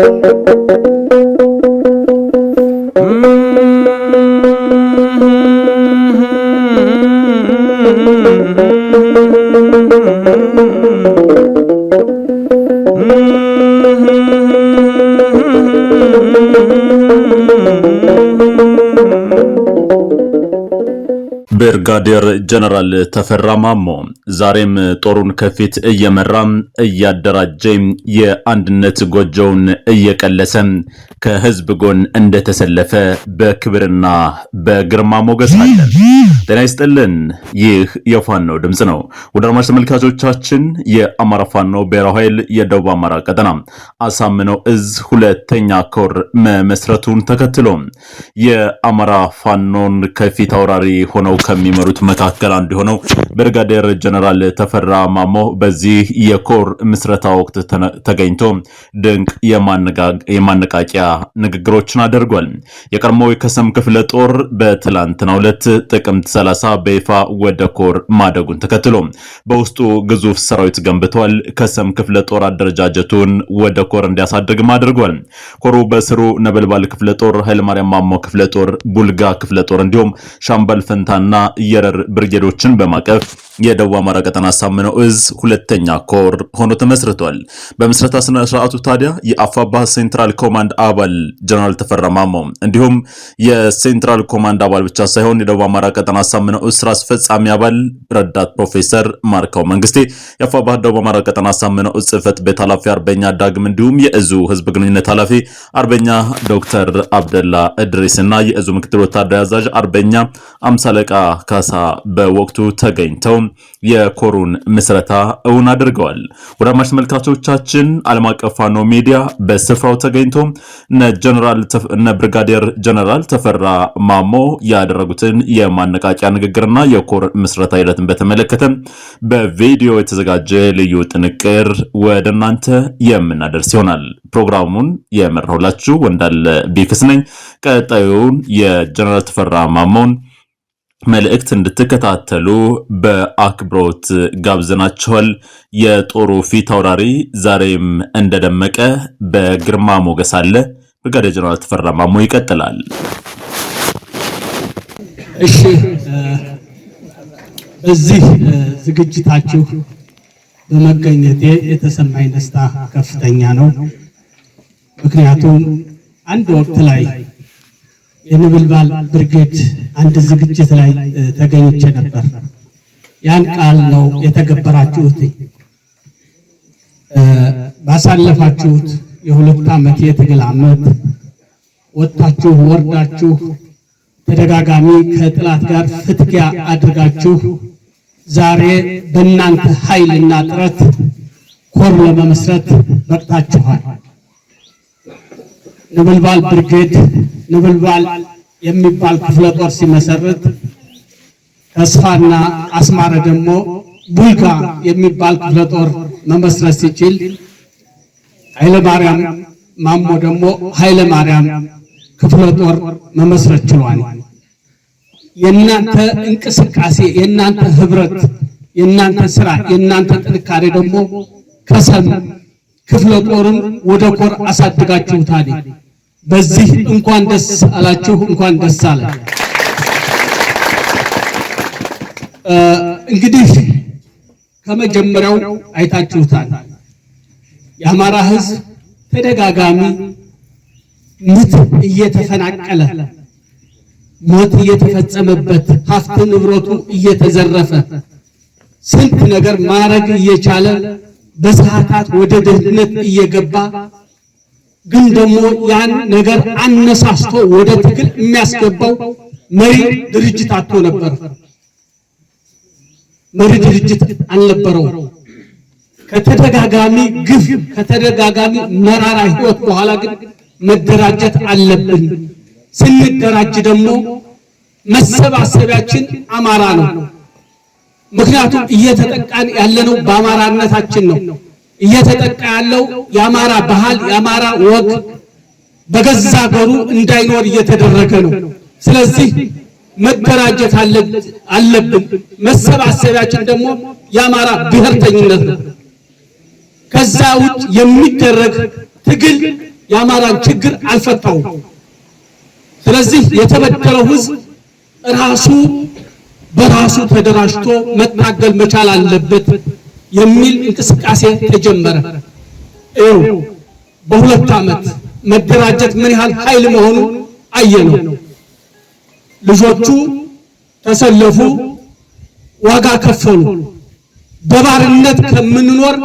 thank you ብርጋዴር ጀነራል ተፈራ ማሞ ዛሬም ጦሩን ከፊት እየመራ እያደራጀ የአንድነት ጎጆውን እየቀለሰ ከህዝብ ጎን እንደተሰለፈ በክብርና በግርማ ሞገስ አለ። ጤና ይስጥልን። ይህ የፋኖ ድምፅ ነው። ወደ አድማጭ ተመልካቾቻችን የአማራ ፋኖ ብሔራዊ ኃይል የደቡብ አማራ ቀጠና አሳምነው እዝ ሁለተኛ ኮር መመስረቱን ተከትሎ የአማራ ፋኖን ከፊት አውራሪ ሆነው ከሚመሩት መካከል አንዱ የሆነው ብርጋዴር ጀነራል ተፈራ ማሞ በዚህ የኮር ምስረታ ወቅት ተገኝቶ ድንቅ የማነቃቂያ ንግግሮችን አድርጓል። የቀድሞ የከሰም ክፍለ ጦር በትላንትናው ዕለት ጥቅምት 30 በይፋ ወደ ኮር ማደጉን ተከትሎ በውስጡ ግዙፍ ሰራዊት ገንብቷል። ከሰም ክፍለ ጦር አደረጃጀቱን ወደ ኮር እንዲያሳድግም አድርጓል። ኮሩ በስሩ ነበልባል ክፍለ ጦር፣ ኃይለማርያም ማሞ ክፍለ ጦር፣ ቡልጋ ክፍለ ጦር እንዲሁም ሻምበል ፈንታና እና የረር ብርጌዶችን በማቀፍ የደቡብ አማራ ቀጠና ሳምነው እዝ ሁለተኛ ኮር ሆኖ ተመስርቷል። በምስረታ ስነ ስርዓቱ ታዲያ የአፋባ ሴንትራል ኮማንድ አባል ጀነራል ተፈራ ማሞ እንዲሁም የሴንትራል ኮማንድ አባል ብቻ ሳይሆን የደቡብ አማራ ቀጠና ሳምነው እዝ ስራ አስፈጻሚ አባል ረዳት ፕሮፌሰር ማርካው መንግስቴ፣ የአፋባ ደቡብ አማራ ቀጠና ሳምነው እዝ ጽህፈት ቤት ኃላፊ አርበኛ ዳግም እንዲሁም የእዙ ህዝብ ግንኙነት ኃላፊ አርበኛ ዶክተር አብደላ እድሪስ እና የእዙ ምክትል ወታደር አዛዥ አርበኛ አምሳለቃ ካሳ በወቅቱ ተገኝተው የኮሩን ምስረታ እውን አድርገዋል። ወዳማሽ ተመልካቾቻችን ዓለም አቀፍ ፋኖ ሚዲያ በስፍራው ተገኝቶ እነ ብርጋዴር ጀነራል ተፈራ ማሞ ያደረጉትን የማነቃቂያ ንግግርና የኮር ምስረታ ሂደትን በተመለከተ በቪዲዮ የተዘጋጀ ልዩ ጥንቅር ወደ እናንተ የምናደርስ ይሆናል። ፕሮግራሙን የመራሁላችሁ ወንዳለ ቢክስ ነኝ። ቀጣዩን የጀነራል ተፈራ ማሞን መልእክት እንድትከታተሉ በአክብሮት ጋብዘናችኋል። የጦሩ ፊት አውራሪ ዛሬም እንደደመቀ በግርማ ሞገስ አለ። ብርጋዴር ጀነራል ተፈራ ማሞ ይቀጥላል። እሺ፣ እዚህ ዝግጅታችሁ በመገኘቴ የተሰማኝ ደስታ ከፍተኛ ነው። ምክንያቱም አንድ ወቅት ላይ የንብልባል ብርጌድ አንድ ዝግጅት ላይ ተገኝቼ ነበር። ያን ቃል ነው የተገበራችሁት። ባሳለፋችሁት የሁለት ዓመት የትግል ዓመት ወጥታችሁ ወርዳችሁ ተደጋጋሚ ከጥላት ጋር ፍትኪያ አድርጋችሁ ዛሬ በእናንተ ኃይልና ጥረት ኮር ለመመስረት በቅታችኋል። ንብልባል ብርጌድ ንብልባል የሚባል ክፍለ ጦር ሲመሰርት ተስፋና አስማረ ደግሞ ቡልጋ የሚባል ክፍለ ጦር መመስረት ሲችል ኃይለ ማርያም ማሞ ደግሞ ኃይለ ማርያም ክፍለ ጦር መመስረት ችሏል። የእናንተ እንቅስቃሴ፣ የእናንተ ህብረት፣ የእናንተ ስራ፣ የእናንተ ጥንካሬ ደግሞ ከሰም ክፍለ ጦርን ወደ ኮር አሳድጋችሁታል። በዚህ እንኳን ደስ አላችሁ፣ እንኳን ደስ አለ። እንግዲህ ከመጀመሪያው አይታችሁታል። የአማራ ሕዝብ ተደጋጋሚ ምት እየተፈናቀለ ሞት እየተፈጸመበት ሀብት ንብረቱ እየተዘረፈ ስንት ነገር ማድረግ እየቻለ በሰዓታት ወደ ድህነት እየገባ ግን ደግሞ ያን ነገር አነሳስቶ ወደ ትግል የሚያስገባው መሪ ድርጅት አቶ ነበር። መሪ ድርጅት አልነበረው። ከተደጋጋሚ ግፍ፣ ከተደጋጋሚ መራራ ህይወት በኋላ ግን መደራጀት አለብን። ስንደራጅ ደግሞ መሰባሰቢያችን አማራ ነው። ምክንያቱም እየተጠቃን ያለነው በአማራነታችን ነው። እየተጠቃ ያለው የአማራ ባህል የአማራ ወግ በገዛ ሀገሩ እንዳይኖር እየተደረገ ነው። ስለዚህ መደራጀት አለብን። መሰባሰቢያችን ደግሞ የአማራ ብሔርተኝነት ነው። ከዛ ውጭ የሚደረግ ትግል የአማራን ችግር አልፈታውም። ስለዚህ የተበደለው ሕዝብ ራሱ በራሱ ተደራጅቶ መታገል መቻል አለበት። የሚል እንቅስቃሴ ተጀመረ። ይኸው በሁለት ዓመት መደራጀት ምን ያህል ኃይል መሆኑ አየነው። ልጆቹ ተሰለፉ፣ ዋጋ ከፈሉ። በባርነት ከምንኖር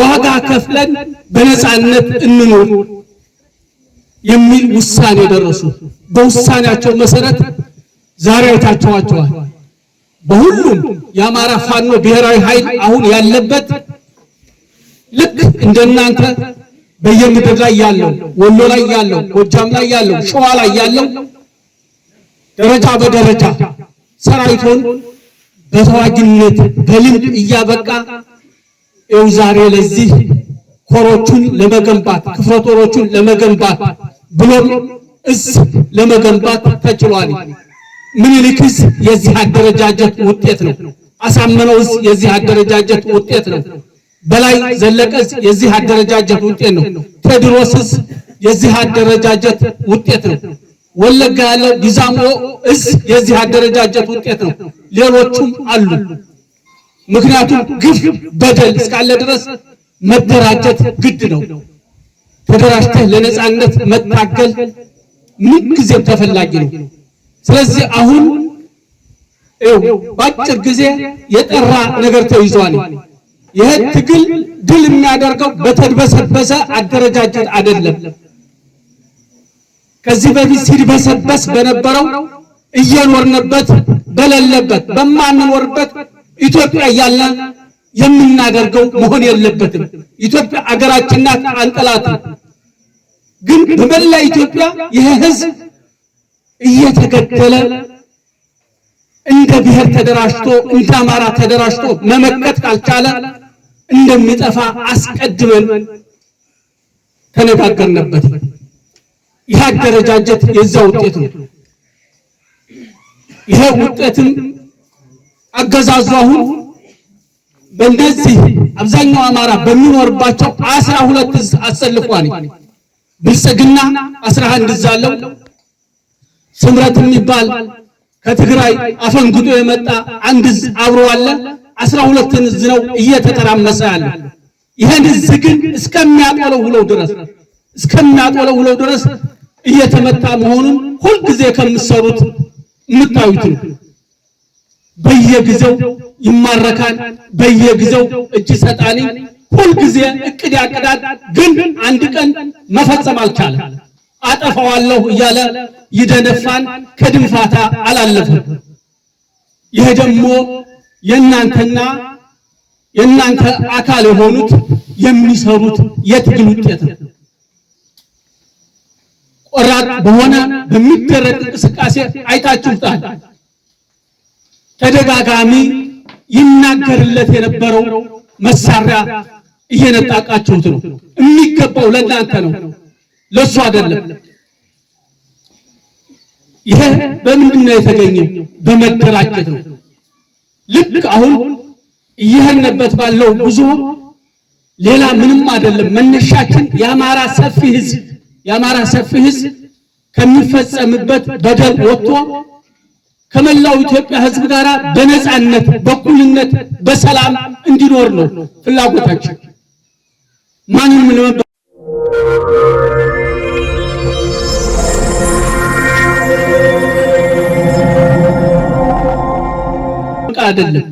ዋጋ ከፍለን በነፃነት እንኖር የሚል ውሳኔ ደረሱ። በውሳኔያቸው መሰረት ዛሬ አይታችኋቸዋል። በሁሉም የአማራ ፋኖ ብሔራዊ ኃይል አሁን ያለበት ልክ እንደናንተ በየምድር ላይ ያለው ወሎ ላይ ያለው ጎጃም ላይ ያለው ሸዋ ላይ ያለው ደረጃ በደረጃ ሰራዊቱን በተዋጊነት በልምድ እያበቃ ይኸው ዛሬ ለዚህ ኮሮቹን ለመገንባት ክፍለ ጦሮቹን ለመገንባት ብሎም እዝ ለመገንባት ተችሏል። ምኒልክስ የዚህ አደረጃጀት ውጤት ነው። አሳምነውስ የዚህ አደረጃጀት ውጤት ነው። በላይ ዘለቀስ የዚህ አደረጃጀት ውጤት ነው። ቴዎድሮስስ የዚህ አደረጃጀት ውጤት ነው። ወለጋ ያለ ጊዛሞ እስ የዚህ አደረጃጀት ውጤት ነው። ሌሎቹም አሉ። ምክንያቱም ግፍ፣ በደል እስካለ ድረስ መደራጀት ግድ ነው። ተደራጅተህ ለነፃነት መታገል ምን ተፈላጊ ነው። ስለዚህ አሁን በአጭር ጊዜ የጠራ ነገር ተይዟል። ይህ ትግል ድል የሚያደርገው በተድበሰበሰ አደረጃጀት አይደለም። ከዚህ በፊት ሲድበሰበስ በነበረው እየኖርንበት በሌለበት በማንኖርበት ኢትዮጵያ እያለን የምናደርገው መሆን የለበትም። ኢትዮጵያ አገራችን ናት፣ አንጠላትም። ግን በመላ ኢትዮጵያ ይህ ህዝብ እየተገደለ እንደ ብሔር ተደራጅቶ እንደ አማራ ተደራጅቶ መመከት ካልቻለ እንደሚጠፋ አስቀድመን ተነጋገርንበት። ይህ አደረጃጀት የዛ ውጤት ነው። ይሄ ውጤትም አገዛዙ አሁን በእነዚህ አብዛኛው አማራ በሚኖርባቸው አስራ ሁለት እዝ አሰልፏል። ብልጽግና አስራ አንድ እዝ አለው። ስምረት የሚባል ከትግራይ አፈንግጦ የመጣ አንድ እዝ አብሮ አለ። አስራ ሁለትን እዝ ነው እየተጠራመሰ ያለ። ይህን እዝ ግን እስከሚያቆለው ውለው ድረስ እስከሚያቆለው ውለው ድረስ እየተመታ መሆኑን ሁልጊዜ ከምትሰሩት የምታዩት ነው። በየጊዜው ይማረካል፣ በየጊዜው እጅ ሰጣኒ፣ ሁልጊዜ እቅድ ያቅዳል፣ ግን አንድ ቀን መፈጸም አልቻለም። አጠፋዋለሁ እያለ ይደነፋን። ከድንፋታ አላለፈም። ይሄ ደግሞ የእናንተና የእናንተ አካል የሆኑት የሚሰሩት የትግል ውጤት ነው። ቆራጥ በሆነ በሚደረግ እንቅስቃሴ አይታችሁታል። ተደጋጋሚ ይናገርለት የነበረው መሳሪያ እየነጣቃችሁት ነው። የሚገባው ለእናንተ ነው። ለሱ አይደለም። ይሄ በምንድን ነው የተገኘው? በመደራጀት ነው። ልክ አሁን እየሄድንበት ባለው ብዙ ሌላ ምንም አይደለም። መነሻችን የአማራ ሰፊ ህዝብ የአማራ ሰፊ ህዝብ ከሚፈጸምበት በደል ወጥቶ ከመላው ኢትዮጵያ ህዝብ ጋር በነፃነት በኩልነት በሰላም እንዲኖር ነው ፍላጎታችን ማንም አይደለም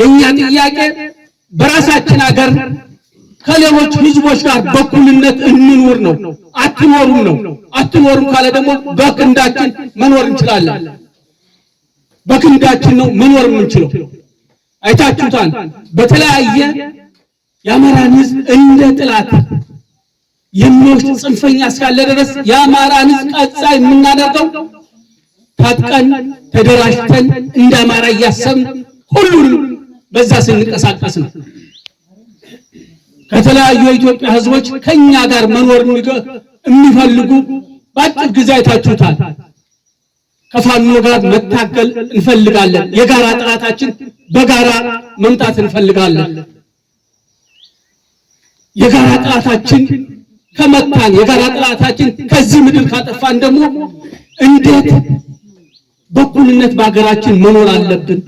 የኛ ጥያቄ በራሳችን ሀገር ከሌሎች ህዝቦች ጋር በኩልነት እንኑር ነው። አትኖሩም ነው። አትኖሩም ካለ ደግሞ በክንዳችን መኖር እንችላለን። በክንዳችን ነው መኖር የምንችለው። አይታችሁታል በተለያየ የአማራን ህዝብ እንደ ጥላት የሚወስድ ጽንፈኛ እስካለ ድረስ የአማራን ህዝብ ቀጻ የምናደርገው ታጥቀን ተደራጅተን እንደ አማራ እያሰብን ሁሉንም በዛ ስንንቀሳቀስ ነው። ከተለያዩ የኢትዮጵያ ህዝቦች ከኛ ጋር መኖር የሚፈልጉ በአጭር ጊዜ አይታችሁታል። ከፋኖ ጋር መታገል እንፈልጋለን። የጋራ ጥላታችን በጋራ መምጣት እንፈልጋለን። የጋራ ጥላታችን ከመታን የጋራ ጥላታችን ከዚህ ምድር ካጠፋን ደግሞ እንዴት በኩልነት በሀገራችን መኖር አለብን፣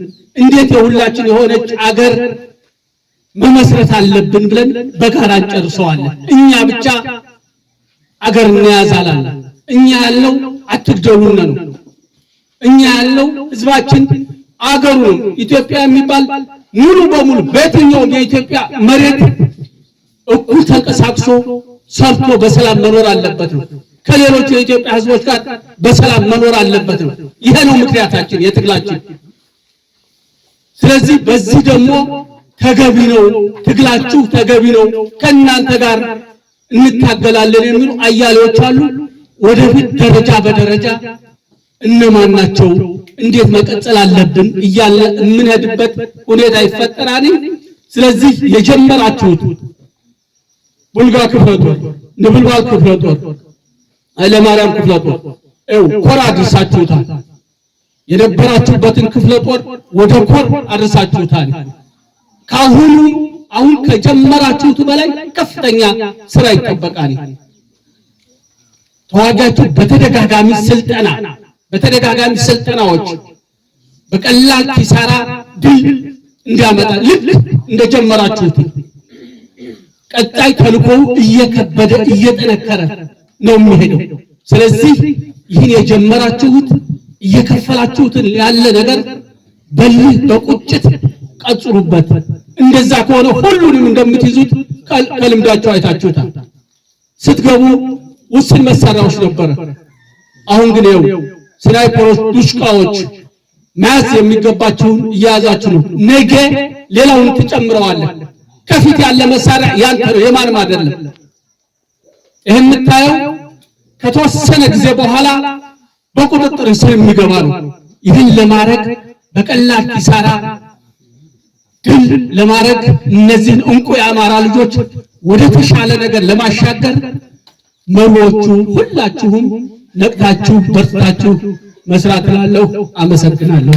እንዴት የሁላችን የሆነች አገር መመስረት አለብን ብለን በጋራ እንጨርሰዋለን። እኛ ብቻ አገር እናያዛላል። እኛ ያለው አትግደሉን ነው። እኛ ያለው ህዝባችን አገሩ ነው። ኢትዮጵያ የሚባል ሙሉ በሙሉ በየትኛውም የኢትዮጵያ መሬት እኩል ተንቀሳቅሶ ሰርቶ በሰላም መኖር አለበት ነው። ከሌሎች የኢትዮጵያ ህዝቦች ጋር በሰላም መኖር አለበት ነው። ይሄ ነው ምክንያታችን፣ የትግላችን። ስለዚህ በዚህ ደግሞ ተገቢ ነው፣ ትግላችሁ ተገቢ ነው፣ ከእናንተ ጋር እንታገላለን የሚሉ አያሌዎች አሉ። ወደፊት ደረጃ በደረጃ እነማን ናቸው፣ እንዴት መቀጠል አለብን እያለ የምንሄድበት ሁኔታ ይፈጠራል። ስለዚህ የጀመራችሁት ቡልጋ ክፍለ ጦር፣ ንብልባት ክፍለ ጦር፣ ኃይለማርያም ክፍለ ጦር ው ኮር አድርሳችሁታል። የነበራችሁበትን ክፍለ ጦር ወደ ኮር አድርሳችሁታል። ከአሁኑ አሁን ከጀመራችሁት በላይ ከፍተኛ ስራ ይጠበቃል። ተዋጊያችሁ በተደጋጋሚ ስልጠና በተደጋጋሚ ስልጠናዎች በቀላል ኪሳራ ድል እንዲያመጣ ልክ እንደጀመራችሁት ቀጣይ ተልኮው እየከበደ እየጠነከረ ነው የሚሄደው። ስለዚህ ይህን የጀመራችሁት እየከፈላችሁትን ያለ ነገር በልህ በቁጭት ቀጽሩበት። እንደዛ ከሆነ ሁሉንም እንደምትይዙት ከልምዳቸው አይታችሁታል። ስትገቡ ውስን መሳሪያዎች ነበረ። አሁን ግን ይኸው ስናይፐሮች፣ ዱሽቃዎች መያዝ የሚገባችሁን እየያዛችሁ ነው። ነገ ሌላውን ትጨምረዋለን። ከፊት ያለ መሳሪያ ያንተ ነው፣ የማንም አይደለም። ይህን የምታየው ከተወሰነ ጊዜ በኋላ በቁጥጥር ስር የሚገባ ነው። ይህን ለማድረግ በቀላል ኪሳራ ድል ለማድረግ እነዚህን እንቁ የአማራ ልጆች ወደ ተሻለ ነገር ለማሻገር መሪዎቹ ሁላችሁም ነቅታችሁ በርታችሁ መስራት ላለሁ። አመሰግናለሁ።